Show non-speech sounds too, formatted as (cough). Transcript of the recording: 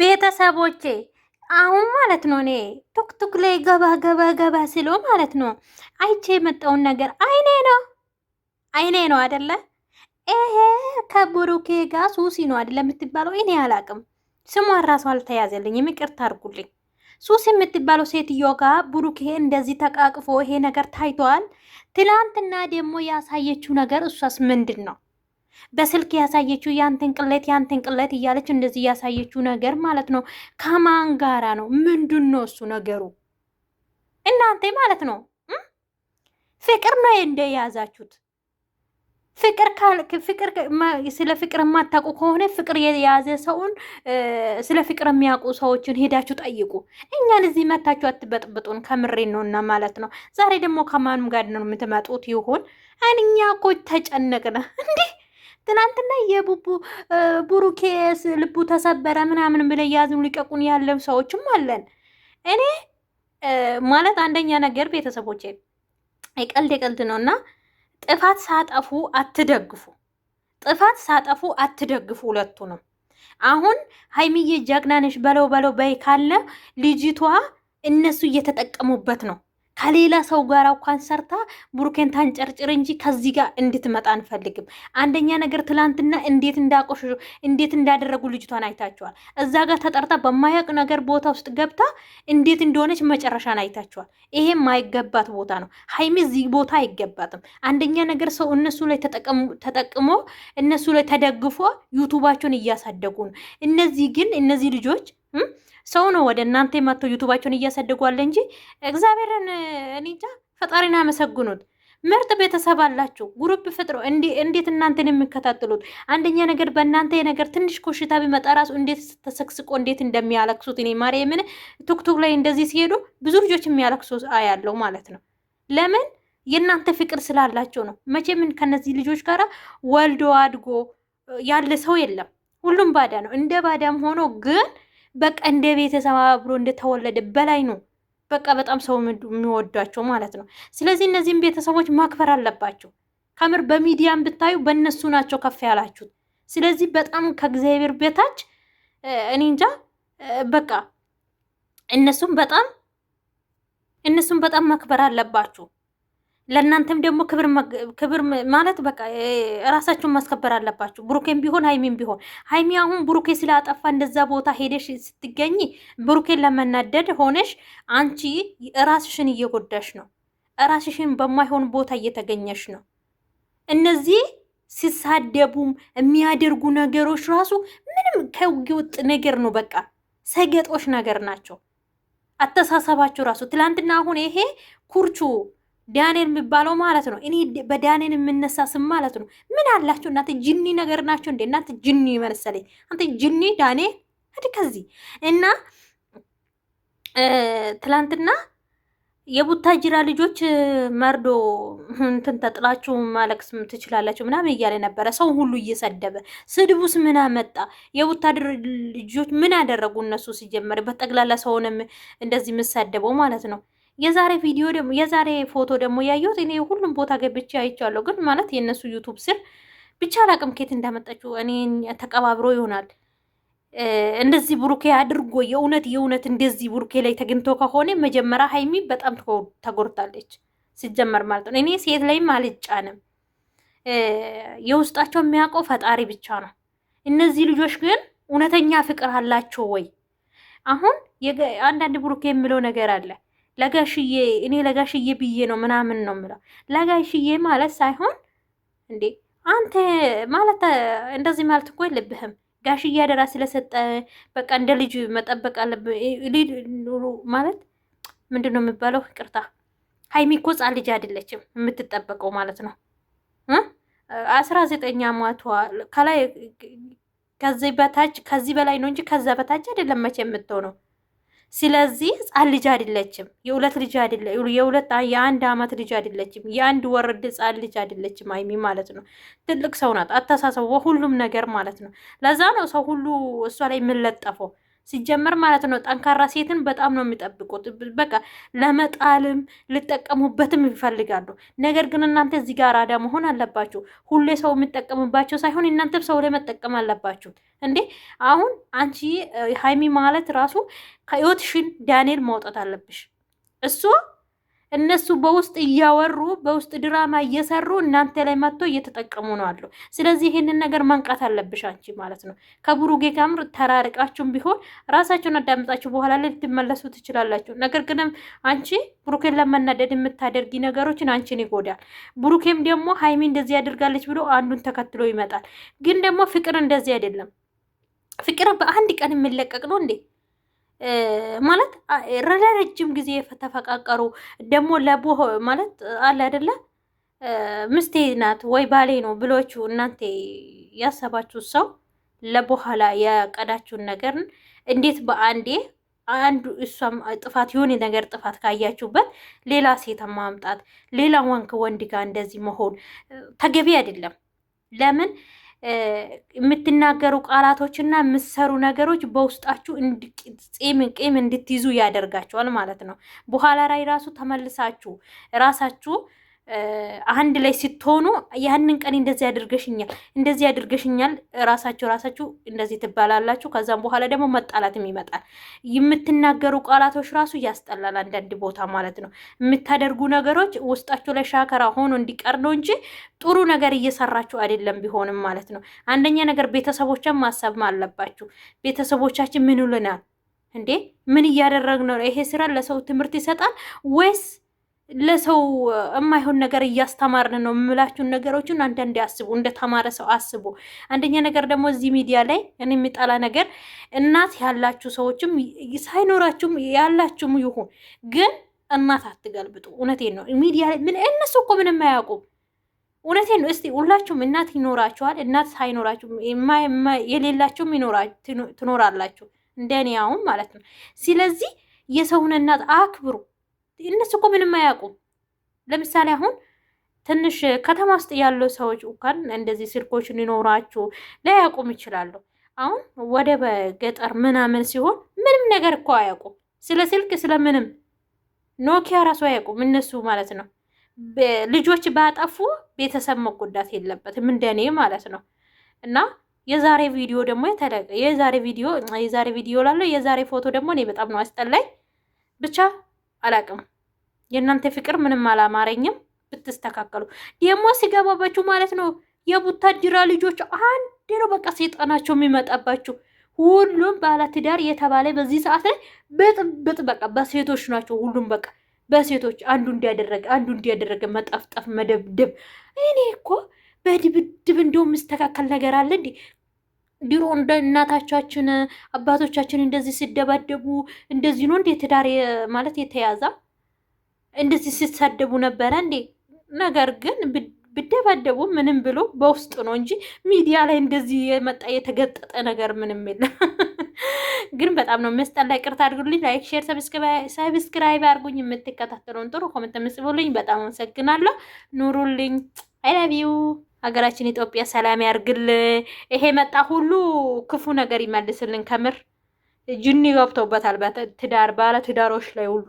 ቤተሰቦቼ አሁን ማለት ነው እኔ ቱክቱክ ላይ ገባ ገባ ገባ ስሎ ማለት ነው አይቼ የመጣውን ነገር አይኔ ነው አይኔ ነው አደለ? ይሄ ከብሩኬ ጋር ሱሲ ነው አደለ የምትባለው? እኔ አላቅም ስሟ ራሱ አልተያዘልኝ፣ ይቅርታ አድርጉልኝ። ሱሲ የምትባለው ሴትዮ ጋር ብሩኬ እንደዚህ ተቃቅፎ ይሄ ነገር ታይቷል። ትላንትና ደግሞ ያሳየችው ነገር እሷስ ምንድን ነው? በስልክ ያሳየችው ያንተን ቅሌት ያንተን ቅሌት እያለች እንደዚህ ያሳየችው ነገር ማለት ነው። ከማን ጋራ ነው? ምንድን ነው እሱ ነገሩ? እናንተ ማለት ነው ፍቅር ነው እንደያዛችሁት ፍቅር ፍቅር ስለ ፍቅር የማታውቁ ከሆነ ፍቅር የያዘ ሰውን ስለ ፍቅር የሚያውቁ ሰዎችን ሄዳችሁ ጠይቁ። እኛን እዚህ መታችሁ አትበጥብጡን። ከምሬ ነው እና ማለት ነው። ዛሬ ደግሞ ከማንም ጋር ነው የምትመጡት ይሆን? አንኛ እኮ ተጨነቅነ እንዲህ ትናንትና የቡቡ ቡሩኬስ ልቡ ተሰበረ ምናምን ብለ ያዝኑ ሊቀቁን ያለም ሰዎችም አለን። እኔ ማለት አንደኛ ነገር ቤተሰቦቼ የቀልድ የቀልድ ነው እና ጥፋት ሳጠፉ አትደግፉ፣ ጥፋት ሳጠፉ አትደግፉ። ሁለቱ ነው። አሁን ሀይሚዬ ጀግናነሽ በለው በለው በይ ካለ ልጅቷ እነሱ እየተጠቀሙበት ነው ከሌላ ሰው ጋር እንኳን ሰርታ ብሩኬን ታንጨርጭር እንጂ ከዚህ ጋር እንድትመጣ አንፈልግም። አንደኛ ነገር ትላንትና እንዴት እንዳቆሽ እንዴት እንዳደረጉ ልጅቷን አይታችኋል። እዛ ጋር ተጠርታ በማያውቅ ነገር ቦታ ውስጥ ገብታ እንዴት እንደሆነች መጨረሻን አይታችኋል። ይሄም ማይገባት ቦታ ነው። ሀይሚ እዚህ ቦታ አይገባትም። አንደኛ ነገር ሰው እነሱ ላይ ተጠቅሞ እነሱ ላይ ተደግፎ ዩቱባቸውን እያሳደጉ ነው። እነዚህ ግን እነዚህ ልጆች ሰው ነው ወደ እናንተ መጥቶ ዩቱባቸውን እያሰደጓለ እንጂ እግዚአብሔርን እንጃ ፈጣሪን አመሰግኑት። ምርጥ ቤተሰብ አላችሁ። ጉሩብ ፍጥሮ እንዴት እናንተን የሚከታተሉት አንደኛ ነገር በእናንተ የነገር ትንሽ ኮሽታ ቢመጣ ራሱ እንዴት ተሰክስቆ እንዴት እንደሚያለክሱት እኔ ማርያምን ቱክቱክ ላይ እንደዚህ ሲሄዱ ብዙ ልጆች የሚያለክሱ አያለው ማለት ነው። ለምን የእናንተ ፍቅር ስላላቸው ነው። መቼምን ከነዚህ ልጆች ጋር ወልዶ አድጎ ያለ ሰው የለም። ሁሉም ባዳ ነው። እንደ ባዳም ሆኖ ግን በቃ እንደ ቤተሰብ አብሮ እንደተወለደ በላይ ነው። በቃ በጣም ሰው የሚወዷቸው ማለት ነው። ስለዚህ እነዚህም ቤተሰቦች ማክበር አለባቸው። ከምር በሚዲያም ብታዩ በእነሱ ናቸው ከፍ ያላችሁት። ስለዚህ በጣም ከእግዚአብሔር በታች እኔ እንጃ በቃ እነሱም በጣም እነሱም በጣም ማክበር አለባችሁ። ለእናንተም ደግሞ ክብር ማለት በቃ እራሳችሁን ማስከበር አለባችሁ። ብሩኬን ቢሆን ሀይሚን ቢሆን ሀይሚ አሁን ብሩኬ ስላጠፋ እንደዛ ቦታ ሄደሽ ስትገኝ ብሩኬን ለመናደድ ሆነሽ አንቺ ራስሽን እየጎዳሽ ነው። ራስሽን በማይሆን ቦታ እየተገኘሽ ነው። እነዚህ ሲሳደቡም የሚያደርጉ ነገሮች ራሱ ምንም ከውጊውጥ ነገር ነው። በቃ ሰገጦች ነገር ናቸው። አተሳሰባችሁ ራሱ ትላንትና አሁን ይሄ ኩርቹ ዳንኤል የሚባለው ማለት ነው። እኔ በዳንኤል የምነሳ ስም ማለት ነው። ምን አላቸው እናንተ ጅኒ ነገር ናቸው እንዴ? እናንተ ጅኒ መሰለኝ። አንተ ጅኒ ዳንኤል እድ ከዚህ እና ትላንትና የቡታጅራ ልጆች መርዶ እንትን ተጥላችሁ ማለቅስ ትችላላችሁ ምናምን እያለ ነበረ። ሰው ሁሉ እየሰደበ ስድቡስ ምን አመጣ? የቡታጅራ ልጆች ምን ያደረጉ እነሱ ሲጀመር በጠቅላላ ሰውንም እንደዚህ የምሳደበው ማለት ነው። የዛሬ ቪዲዮ ደግሞ የዛሬ ፎቶ ደግሞ ያየሁት እኔ ሁሉም ቦታ ገብቼ አይቻለሁ፣ ግን ማለት የእነሱ ዩቱብ ስር ብቻ አላቅም ኬት እንዳመጣችው እኔ ተቀባብሮ ይሆናል እንደዚህ ብሩኬ አድርጎ የእውነት የእውነት እንደዚህ ብሩኬ ላይ ተገኝቶ ከሆነ መጀመሪያ ሀይሚ በጣም ተጎድታለች፣ ሲጀመር ማለት ነው። እኔ ሴት ላይም አልጫንም፣ የውስጣቸው የሚያውቀው ፈጣሪ ብቻ ነው። እነዚህ ልጆች ግን እውነተኛ ፍቅር አላቸው ወይ? አሁን አንዳንድ ብሩኬ የምለው ነገር አለ ለጋሽዬ እኔ ለጋሽዬ ብዬ ነው ምናምን ነው የምለው። ለጋሽዬ ማለት ሳይሆን እንዴ አንተ ማለት እንደዚህ ማለት እኮ የለብህም። ጋሽዬ አደራ ስለሰጠ በቃ እንደ ልጅ መጠበቅ አለብህ ማለት ምንድን ነው የሚባለው? ቅርታ ሀይሚ እኮ ጻ ልጅ አይደለችም የምትጠበቀው ማለት ነው። አስራ ዘጠኝ አመቷ ከላይ ከዚህ በታች ከዚህ በላይ ነው እንጂ ከዛ በታች አይደለም መቼ የምትሆነው። ስለዚህ ህፃን ልጅ አይደለችም። የሁለት ልጅ አይደለ የሁለት የአንድ አመት ልጅ አይደለችም። የአንድ ወረድ ህፃን ልጅ አይደለችም። አይሚ ማለት ነው ትልቅ ሰው ናት። አተሳሰቡ ሁሉም ነገር ማለት ነው። ለዛ ነው ሰው ሁሉ እሷ ላይ የምንለጠፈው ሲጀመር ማለት ነው። ጠንካራ ሴትን በጣም ነው የሚጠብቁት። በቃ ለመጣልም ልጠቀሙበትም ይፈልጋሉ። ነገር ግን እናንተ እዚህ ጋር አራዳ መሆን አለባችሁ። ሁሌ ሰው የሚጠቀምባቸው ሳይሆን እናንተም ሰው ላይ መጠቀም አለባችሁ። እንዴ አሁን አንቺ ሀይሚ ማለት ራሱ ከህይወትሽን ዳንኤል ማውጣት አለብሽ እሱ እነሱ በውስጥ እያወሩ በውስጥ ድራማ እየሰሩ እናንተ ላይ መጥቶ እየተጠቀሙ ነው አሉ። ስለዚህ ይህንን ነገር መንቃት አለብሽ አንቺ ማለት ነው። ከቡሩጌ ጋምር ተራርቃችሁም ቢሆን ራሳችሁን አዳምጣችሁ በኋላ ላይ ልትመለሱ ትችላላችሁ። ነገር ግንም አንቺ ብሩኬን ለመናደድ የምታደርጊ ነገሮችን አንቺን ይጎዳል። ብሩኬም ደግሞ ሀይሚ እንደዚህ ያደርጋለች ብሎ አንዱን ተከትሎ ይመጣል። ግን ደግሞ ፍቅር እንደዚህ አይደለም። ፍቅር በአንድ ቀን የሚለቀቅ ነው እንዴ? ማለት ረጅም ጊዜ ተፈቃቀሩ። ደግሞ ለቦ ማለት አለ አይደለ ምስቴ ናት ወይ ባሌ ነው ብሎችሁ እናንተ ያሰባችሁ ሰው ለበኋላ ያቀዳችሁን ነገር እንዴት በአንዴ አንዱ እሷም ጥፋት የሆነ ነገር ጥፋት ካያችሁበት ሌላ ሴት ማምጣት ሌላ ወንክ ወንድ ጋር እንደዚህ መሆን ተገቢ አይደለም። ለምን የምትናገሩ ቃላቶችና የምትሰሩ ነገሮች በውስጣችሁ ቂም ቂም እንድትይዙ ያደርጋቸዋል ማለት ነው። በኋላ ላይ ራሱ ተመልሳችሁ ራሳችሁ አንድ ላይ ስትሆኑ ያንን ቀን እንደዚህ ያድርገሽኛል እንደዚህ ያድርገሽኛል ራሳችሁ ራሳችሁ እንደዚህ ትባላላችሁ። ከዛም በኋላ ደግሞ መጣላትም ይመጣል። የምትናገሩ ቃላቶች ራሱ ያስጠላል፣ አንዳንድ ቦታ ማለት ነው። የምታደርጉ ነገሮች ውስጣችሁ ላይ ሻከራ ሆኖ እንዲቀር ነው እንጂ ጥሩ ነገር እየሰራችሁ አይደለም። ቢሆንም ማለት ነው አንደኛ ነገር ቤተሰቦችን ማሰብ አለባችሁ። ቤተሰቦቻችን ምን ውልናል እንዴ? ምን እያደረግ ነው? ይሄ ስራ ለሰው ትምህርት ይሰጣል ወይስ ለሰው የማይሆን ነገር እያስተማርን ነው የምላችሁን ነገሮችን አንዳንዴ አስቡ፣ እንደ ተማረ ሰው አስቡ። አንደኛ ነገር ደግሞ እዚህ ሚዲያ ላይ እኔ የሚጠላ ነገር እናት ያላችሁ ሰዎችም ሳይኖራችሁም ያላችሁም ይሁን ግን እናት አትገልብጡ። እውነቴን ነው። ሚዲያ ላይ ምን እነሱ እኮ ምንም አያውቁም። እውነቴን ነው። እስቲ ሁላችሁም እናት ይኖራችኋል። እናት ሳይኖራችሁ የሌላችሁም ትኖራላችሁ፣ እንደኔ ማለት ነው። ስለዚህ የሰውን እናት አክብሩ። እነሱ እኮ ምንም አያውቁም። ለምሳሌ አሁን ትንሽ ከተማ ውስጥ ያለው ሰዎች እንኳን እንደዚህ ስልኮች ሊኖራችሁ ላያውቁም ይችላሉ። አሁን ወደ በገጠር ምናምን ሲሆን ምንም ነገር እኮ አያውቁም፣ ስለ ስልክ ስለምንም ኖኪያ ራሱ አያውቁም እነሱ ማለት ነው። ልጆች ባጠፉ ቤተሰብ መጎዳት የለበትም እንደኔ ማለት ነው። እና የዛሬ ቪዲዮ ደግሞ የዛሬ ቪዲዮ የዛሬ ቪዲዮ ላለው የዛሬ ፎቶ ደግሞ እኔ በጣም ነው አስጠላኝ ብቻ አላቅም። የእናንተ ፍቅር ምንም አላማረኝም። ብትስተካከሉ ደግሞ ሲገባባችሁ ማለት ነው። የቡታጅራ ልጆች አንድ ነው። በቃ ሰይጣናቸው የሚመጣባችሁ ሁሉም ባለትዳር የተባለ በዚህ ሰዓት ላይ ብጥብጥ በቃ በሴቶች ናቸው። ሁሉም በቃ በሴቶች አንዱ እንዲያደረገ አንዱ እንዲያደረገ መጠፍጠፍ፣ መደብደብ። እኔ እኮ በድብድብ እንደው የሚስተካከል ነገር አለ እንዴ? ድሮ እንደ እናታቻችን አባቶቻችን እንደዚህ ሲደባደቡ እንደዚህ ነው እንዴ? ትዳር ማለት የተያዛ እንደዚህ ሲሳደቡ ነበረ እንዴ? ነገር ግን ብደባደቡ ምንም ብሎ በውስጥ ነው እንጂ ሚዲያ ላይ እንደዚህ የመጣ የተገጠጠ ነገር ምንም የለም። (laughs) ግን በጣም ነው መስጠን ላይ ቅርታ አድርጉልኝ። ላይክ፣ ሼር፣ ሰብስክራይብ አድርጉኝ። የምትከታተሉን ጥሩ ኮመንት ምጽፉልኝ። በጣም አመሰግናለሁ። ኑሩልኝ። አይላቪው ሀገራችን ኢትዮጵያ ሰላም ያርግል። ይሄ መጣ ሁሉ ክፉ ነገር ይመልስልን። ከምር ጅኒ ገብቶበታል፣ በትዳር ባለ ትዳሮች ላይ ሁሉ